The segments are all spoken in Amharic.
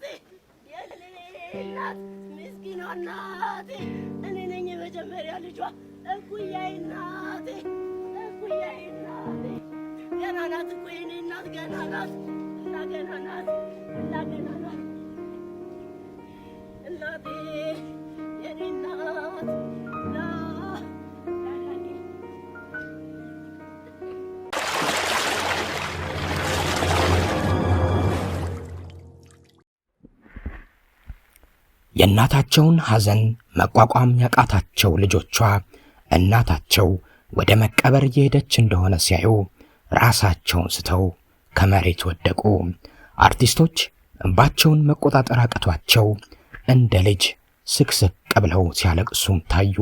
እናቴ፣ የኔ እናት፣ ምስኪኗ እናቴ፣ እኔ ነኝ የመጀመሪያ ልጇ እኩያዬ እናቴ፣ እኩያዬ እናቴ፣ ገና ናት እኮ የኔ እናት፣ ገና ናት እና ገና ናት እና ገና ናት እናቴ የእናታቸውን ሐዘን መቋቋም ያቃታቸው ልጆቿ እናታቸው ወደ መቀበር እየሄደች እንደሆነ ሲያዩ ራሳቸውን ስተው ከመሬት ወደቁ። አርቲስቶች እንባቸውን መቆጣጠር አቅቷቸው እንደ ልጅ ስቅስቅ ብለው ሲያለቅሱም ታዩ።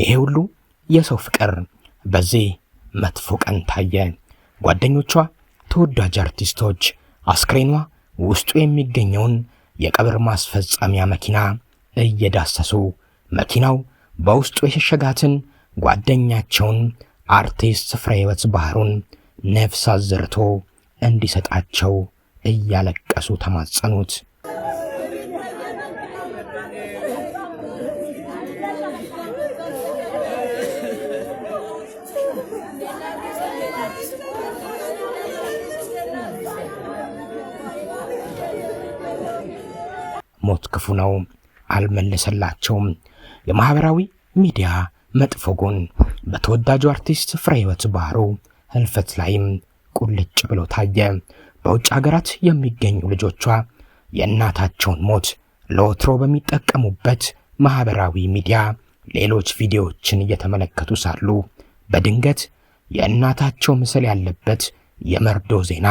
ይሄ ሁሉ የሰው ፍቅር በዚህ መጥፎ ቀን ታየ። ጓደኞቿ ተወዳጅ አርቲስቶች አስክሬኗ ውስጡ የሚገኘውን የቀብር ማስፈጸሚያ መኪና እየዳሰሱ መኪናው በውስጡ የሸሸጋትን ጓደኛቸውን አርቲስት ፍሬህይወት ባህሩን ነፍስ አዝርቶ እንዲሰጣቸው እያለቀሱ ተማጸኑት። ሞት ክፉ ነው፣ አልመለሰላቸውም። የማህበራዊ ሚዲያ መጥፎ ጎን በተወዳጁ አርቲስት ህይወት ባህሩ ህልፈት ላይም ቁልጭ ብሎ ታየ። በውጭ ሀገራት የሚገኙ ልጆቿ የእናታቸውን ሞት ለወትሮ በሚጠቀሙበት ማህበራዊ ሚዲያ ሌሎች ቪዲዮዎችን እየተመለከቱ ሳሉ በድንገት የእናታቸው ምስል ያለበት የመርዶ ዜና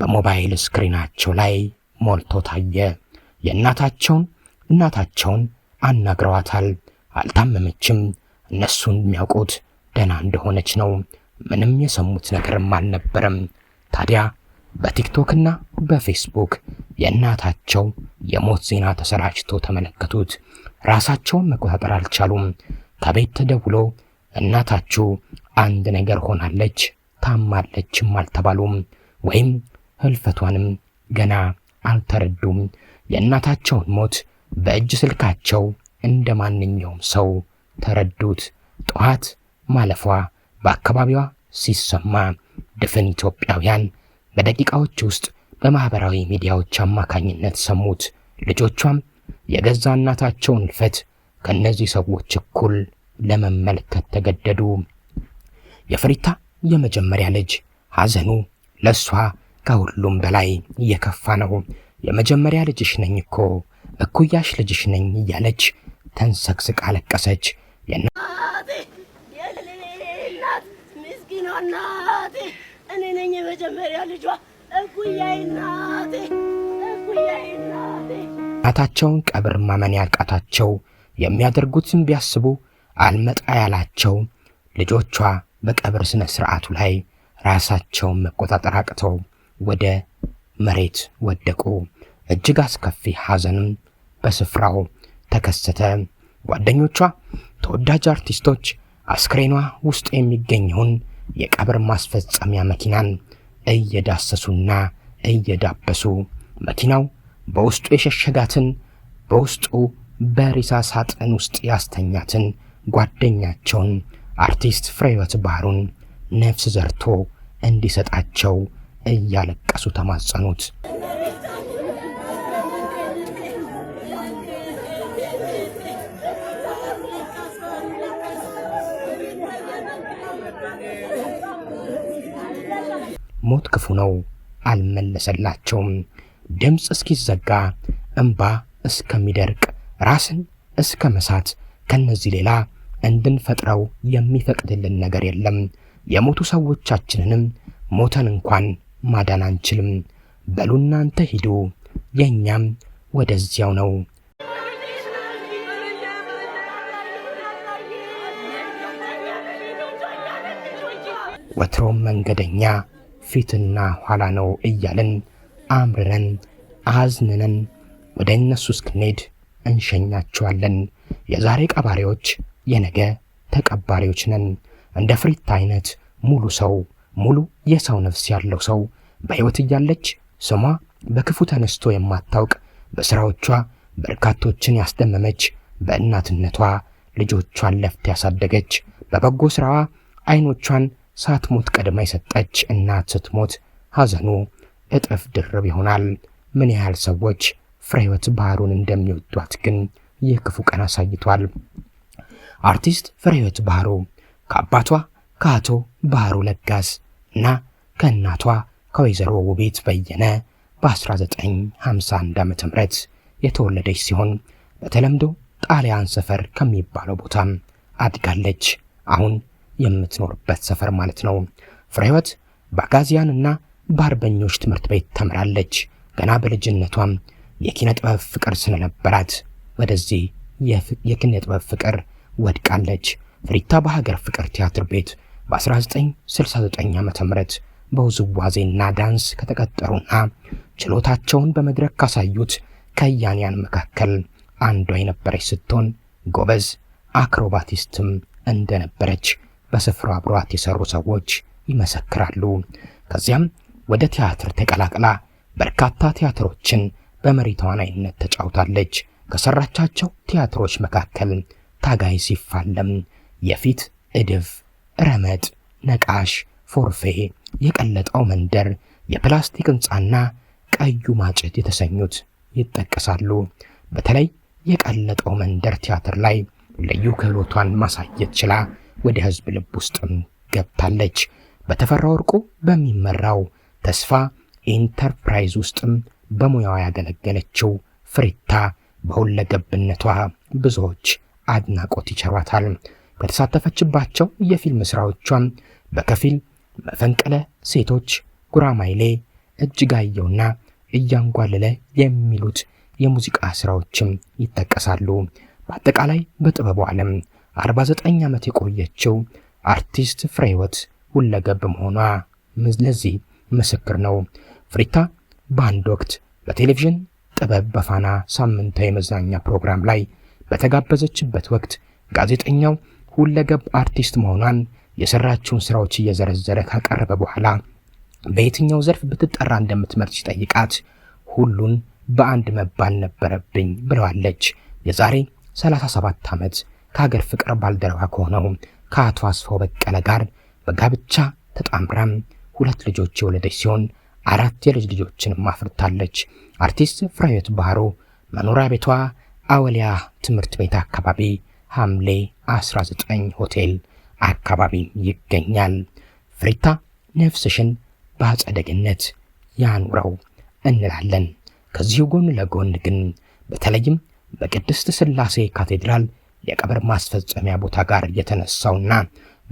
በሞባይል ስክሪናቸው ላይ ሞልቶ ታየ። የእናታቸውን እናታቸውን አናግረዋታል። አልታመመችም። እነሱ የሚያውቁት ደህና እንደሆነች ነው። ምንም የሰሙት ነገርም አልነበረም። ታዲያ በቲክቶክና በፌስቡክ የእናታቸው የሞት ዜና ተሰራጭቶ ተመለከቱት። ራሳቸውን መቆጣጠር አልቻሉም። ከቤት ተደውሎ እናታችሁ አንድ ነገር ሆናለች ታማለችም አልተባሉም፣ ወይም ህልፈቷንም ገና አልተረዱም። የእናታቸውን ሞት በእጅ ስልካቸው እንደ ማንኛውም ሰው ተረዱት። ጠዋት ማለፏ በአካባቢዋ ሲሰማ ድፍን ኢትዮጵያውያን በደቂቃዎች ውስጥ በማኅበራዊ ሚዲያዎች አማካኝነት ሰሙት። ልጆቿም የገዛ እናታቸውን ሕልፈት ከእነዚህ ሰዎች እኩል ለመመልከት ተገደዱ። የፍሪታ የመጀመሪያ ልጅ ሐዘኑ ለእሷ ከሁሉም በላይ እየከፋ ነው። የመጀመሪያ ልጅሽ ነኝ እኮ እኩያሽ ልጅሽ ነኝ እያለች ተንሰቅስቅ አለቀሰች። እናት ምስኪኗ እናቴ እኔ ነኝ የመጀመሪያ ልጇ እኩያይ እናቴ እኩያይ እናቴ ኃጢአታቸውን ቀብር ማመን ያቃታቸው የሚያደርጉትን ቢያስቡ አልመጣ ያላቸው ልጆቿ በቀብር ስነ ስርዓቱ ላይ ራሳቸውን መቆጣጠር አቅተው ወደ መሬት ወደቁ። እጅግ አስከፊ ሐዘንም በስፍራው ተከሰተ። ጓደኞቿ፣ ተወዳጅ አርቲስቶች አስክሬኗ ውስጥ የሚገኘውን የቀብር ማስፈጸሚያ መኪናን እየዳሰሱና እየዳበሱ መኪናው በውስጡ የሸሸጋትን በውስጡ በሪሳ ሳጥን ውስጥ ያስተኛትን ጓደኛቸውን አርቲስት ፍሬህይወት ባህሩን ነፍስ ዘርቶ እንዲሰጣቸው እያለቀሱ ተማጸኑት። ሞት ክፉ ነው፣ አልመለሰላቸውም። ድምፅ እስኪዘጋ እምባ እስከሚደርቅ ራስን እስከ መሳት ከነዚህ ሌላ እንድንፈጥረው የሚፈቅድልን ነገር የለም። የሞቱ ሰዎቻችንንም ሞተን እንኳን ማዳን አንችልም። በሉ እናንተ ሂዱ፣ የእኛም ወደዚያው ነው። ወትሮም መንገደኛ ፊትና ኋላ ነው እያልን አምረን አዝንነን ወደ እነሱ እስክንሄድ እንሸኛቸዋለን። የዛሬ ቀባሪዎች የነገ ተቀባሪዎች ነን። እንደ ፍሪታ አይነት ሙሉ ሰው ሙሉ የሰው ነፍስ ያለው ሰው በሕይወት እያለች ስሟ በክፉ ተነስቶ የማታውቅ በሥራዎቿ በርካቶችን ያስደመመች በእናትነቷ ልጆቿን ለፍት ያሳደገች በበጎ ሥራዋ ዐይኖቿን ሳትሞት ቀድማ የሰጠች እናት ስትሞት ሐዘኑ እጥፍ ድርብ ይሆናል። ምን ያህል ሰዎች ፍሬ ባህሩን እንደሚወዷት ግን ይህ ክፉ ቀን አሳይቷል። አርቲስት ፍሬ ባህሩ ከአባቷ ከአቶ ባህሩ ለጋስ እና ከእናቷ ከወይዘሮ ውቤት በየነ በ1951 ዓ ም የተወለደች ሲሆን በተለምዶ ጣሊያን ሰፈር ከሚባለው ቦታ አድጋለች። አሁን የምትኖርበት ሰፈር ማለት ነው። ፍሬህይወት ሕይወት በአጋዚያን እና በአርበኞች ትምህርት ቤት ተምራለች። ገና በልጅነቷም የኪነ ጥበብ ፍቅር ስለነበራት ወደዚህ የኪነ ጥበብ ፍቅር ወድቃለች። ፍሪታ በሀገር ፍቅር ቲያትር ቤት በ1969 ዓ ም በውዝዋዜና ዳንስ ከተቀጠሩና ችሎታቸውን በመድረክ ካሳዩት ከያንያን መካከል አንዷ የነበረች ስትሆን ጎበዝ አክሮባቲስትም እንደነበረች በስፍራው አብሯት የሰሩ ሰዎች ይመሰክራሉ። ከዚያም ወደ ቲያትር ተቀላቅላ በርካታ ቲያትሮችን በመሪ ተዋናይነት ተጫውታለች። ከሰራቻቸው ቲያትሮች መካከል ታጋይ ሲፋለም፣ የፊት እድፍ፣ ረመጥ፣ ነቃሽ፣ ፎርፌ፣ የቀለጠው መንደር፣ የፕላስቲክ ህንፃና ቀዩ ማጭት የተሰኙት ይጠቀሳሉ። በተለይ የቀለጠው መንደር ቲያትር ላይ ልዩ ክህሎቷን ማሳየት ችላ ወደ ህዝብ ልብ ውስጥም ገብታለች። በተፈራ ወርቁ በሚመራው ተስፋ ኢንተርፕራይዝ ውስጥም በሙያዋ ያገለገለችው ፍሪታ በሁለገብነቷ ብዙዎች አድናቆት ይቸሯታል። በተሳተፈችባቸው የፊልም ሥራዎቿም በከፊል መፈንቅለ ሴቶች፣ ጉራማይሌ፣ እጅጋየውና እያንጓለለ የሚሉት የሙዚቃ ሥራዎችም ይጠቀሳሉ። በአጠቃላይ በጥበቡ ዓለም 49 ዓመት የቆየችው አርቲስት ፍሬሕይወት ሁለገብ መሆኗ ለዚህ ምስክር ነው። ፍሪታ በአንድ ወቅት በቴሌቪዥን ጥበብ በፋና ሳምንታዊ የመዝናኛ ፕሮግራም ላይ በተጋበዘችበት ወቅት ጋዜጠኛው ሁለገብ አርቲስት መሆኗን የሰራችውን ስራዎች እየዘረዘረ ካቀረበ በኋላ በየትኛው ዘርፍ ብትጠራ እንደምትመርጥ ሲጠይቃት ሁሉን በአንድ መባል ነበረብኝ ብለዋለች። የዛሬ 37 ዓመት ከሀገር ፍቅር ባልደረባ ከሆነው ከአቶ አስፋው በቀለ ጋር በጋብቻ ተጣምራም ሁለት ልጆች የወለደች ሲሆን አራት የልጅ ልጆችንም አፍርታለች። አርቲስት ፍራዮት ባህሩ መኖሪያ ቤቷ አወሊያ ትምህርት ቤት አካባቢ ሐምሌ 19 ሆቴል አካባቢ ይገኛል። ፍሪታ ነፍስሽን በአጸደግነት ያኑረው እንላለን። ከዚሁ ጎን ለጎን ግን በተለይም በቅድስት ሥላሴ ካቴድራል የቀብር ማስፈጸሚያ ቦታ ጋር የተነሳውና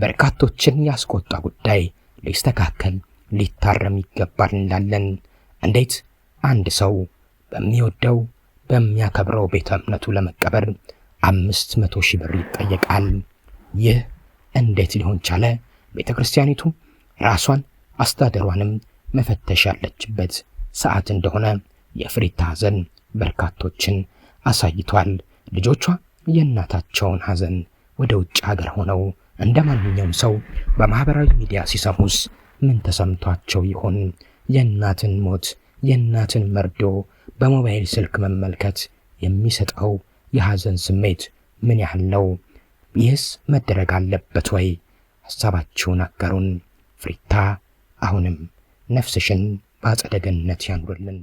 በርካቶችን ያስቆጣ ጉዳይ ሊስተካከል፣ ሊታረም ይገባል እንላለን። እንዴት አንድ ሰው በሚወደው በሚያከብረው ቤተ እምነቱ ለመቀበር አምስት መቶ ሺህ ብር ይጠየቃል? ይህ እንዴት ሊሆን ቻለ? ቤተ ክርስቲያኒቱ ራሷን አስተዳደሯንም መፈተሽ ያለችበት ሰዓት እንደሆነ የፍሪታ ሐዘን በርካቶችን አሳይቷል። ልጆቿ የእናታቸውን ሐዘን ወደ ውጭ ሀገር ሆነው እንደ ማንኛውም ሰው በማህበራዊ ሚዲያ ሲሰሙስ ምን ተሰምቷቸው ይሆን? የእናትን ሞት፣ የእናትን መርዶ በሞባይል ስልክ መመልከት የሚሰጠው የሐዘን ስሜት ምን ያህል ነው? ይህስ መደረግ አለበት ወይ? ሐሳባችሁን አጋሩን። ፍሪታ አሁንም ነፍስሽን በአጸደ ገነት ያኑርልን።